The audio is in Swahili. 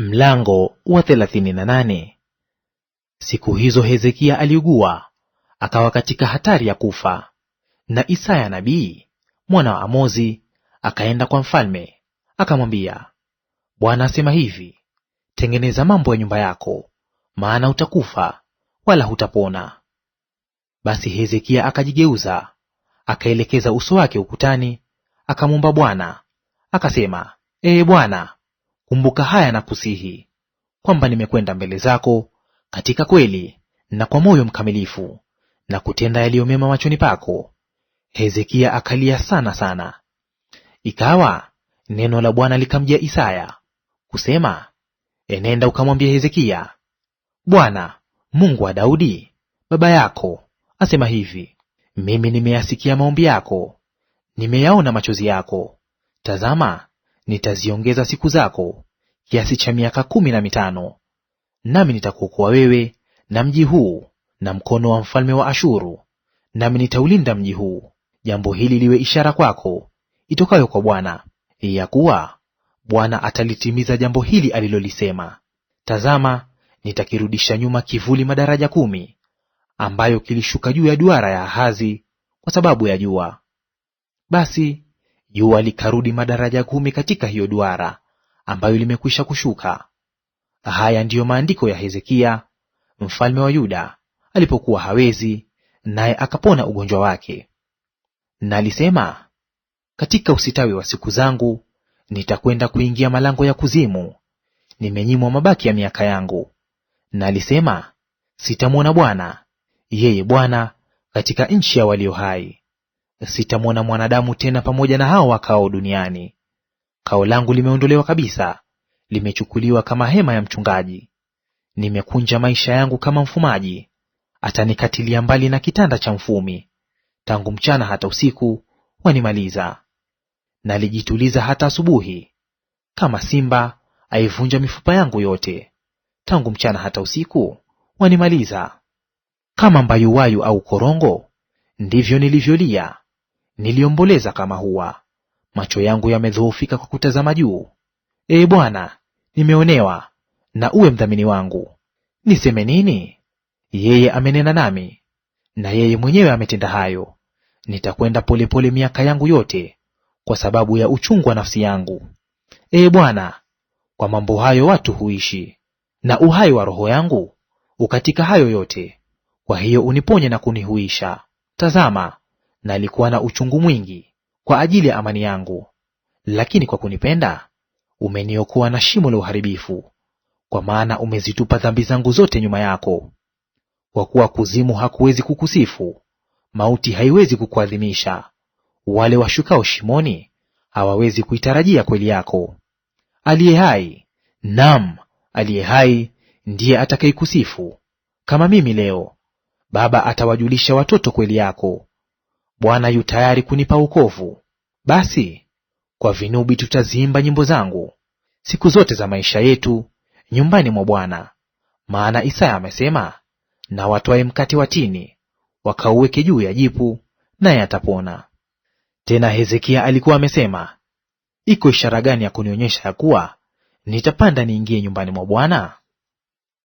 Mlango wa na nane. Siku hizo Hezekia aliugua akawa katika hatari ya kufa. Na Isaya nabii mwana wa Amozi akaenda kwa mfalme akamwambia, Bwana asema hivi, tengeneza mambo ya nyumba yako, maana utakufa wala hutapona. Basi Hezekia akajigeuza akaelekeza uso wake ukutani, akamwomba Bwana akasema, Ee Bwana, Kumbuka haya na kusihi kwamba nimekwenda mbele zako katika kweli na kwa moyo mkamilifu, na kutenda yaliyo mema machoni pako. Hezekia akalia sana sana. Ikawa neno la Bwana likamjia Isaya kusema, enenda ukamwambia Hezekia, Bwana Mungu wa Daudi baba yako asema hivi, mimi nimeyasikia maombi yako, nimeyaona machozi yako. Tazama, nitaziongeza siku zako kiasi cha miaka kumi na mitano, nami nitakuokoa wewe na mji huu na mkono wa mfalme wa Ashuru, nami nitaulinda mji huu. Jambo hili liwe ishara kwako itokayo kwa Bwana, ya kuwa Bwana atalitimiza jambo hili alilolisema. Tazama, nitakirudisha nyuma kivuli madaraja kumi ambayo kilishuka juu ya duara ya Ahazi kwa sababu ya jua. Basi jua likarudi madaraja kumi katika hiyo duara, ambayo limekwisha kushuka. Haya ndiyo maandiko ya Hezekia mfalme wa Yuda alipokuwa hawezi, naye akapona ugonjwa wake. Nalisema, katika usitawi wa siku zangu nitakwenda kuingia malango ya kuzimu, nimenyimwa mabaki ya miaka yangu. Nalisema, sitamwona Bwana, yeye Bwana katika nchi ya walio hai, sitamwona mwanadamu tena pamoja na hao wakao duniani. Kao langu limeondolewa kabisa, limechukuliwa kama hema ya mchungaji. Nimekunja maisha yangu kama mfumaji, atanikatilia mbali na kitanda cha mfumi. Tangu mchana hata usiku wanimaliza. Nalijituliza hata asubuhi, kama simba aivunja mifupa yangu yote. Tangu mchana hata usiku wanimaliza. Kama mbayuwayu au korongo, ndivyo nilivyolia, niliomboleza kama hua macho yangu yamedhoofika kwa kutazama juu. Ee Bwana, nimeonewa, na uwe mdhamini wangu. Niseme nini? Yeye amenena nami, na yeye mwenyewe ametenda hayo. Nitakwenda polepole miaka yangu yote kwa sababu ya uchungu wa nafsi yangu. Ee Bwana, kwa mambo hayo watu huishi, na uhai wa roho yangu ukatika hayo yote. Kwa hiyo uniponye na kunihuisha. Tazama, nalikuwa na uchungu mwingi kwa ajili ya amani yangu. Lakini kwa kunipenda umeniokoa na shimo la uharibifu, kwa maana umezitupa dhambi zangu zote nyuma yako. Kwa kuwa kuzimu hakuwezi kukusifu, mauti haiwezi kukuadhimisha. Wale washukao shimoni hawawezi kuitarajia kweli yako. Aliye hai, nam aliye hai ndiye atakayekusifu. Kama mimi leo, Baba atawajulisha watoto kweli yako. Bwana yu tayari kunipa wokovu. Basi kwa vinubi tutaziimba nyimbo zangu siku zote za maisha yetu nyumbani mwa Bwana. Maana Isaya amesema, na watwaye mkate wa tini wakauweke juu ya jipu, naye atapona. Tena Hezekia alikuwa amesema, iko ishara gani ya kunionyesha ya kuwa nitapanda niingie nyumbani mwa Bwana?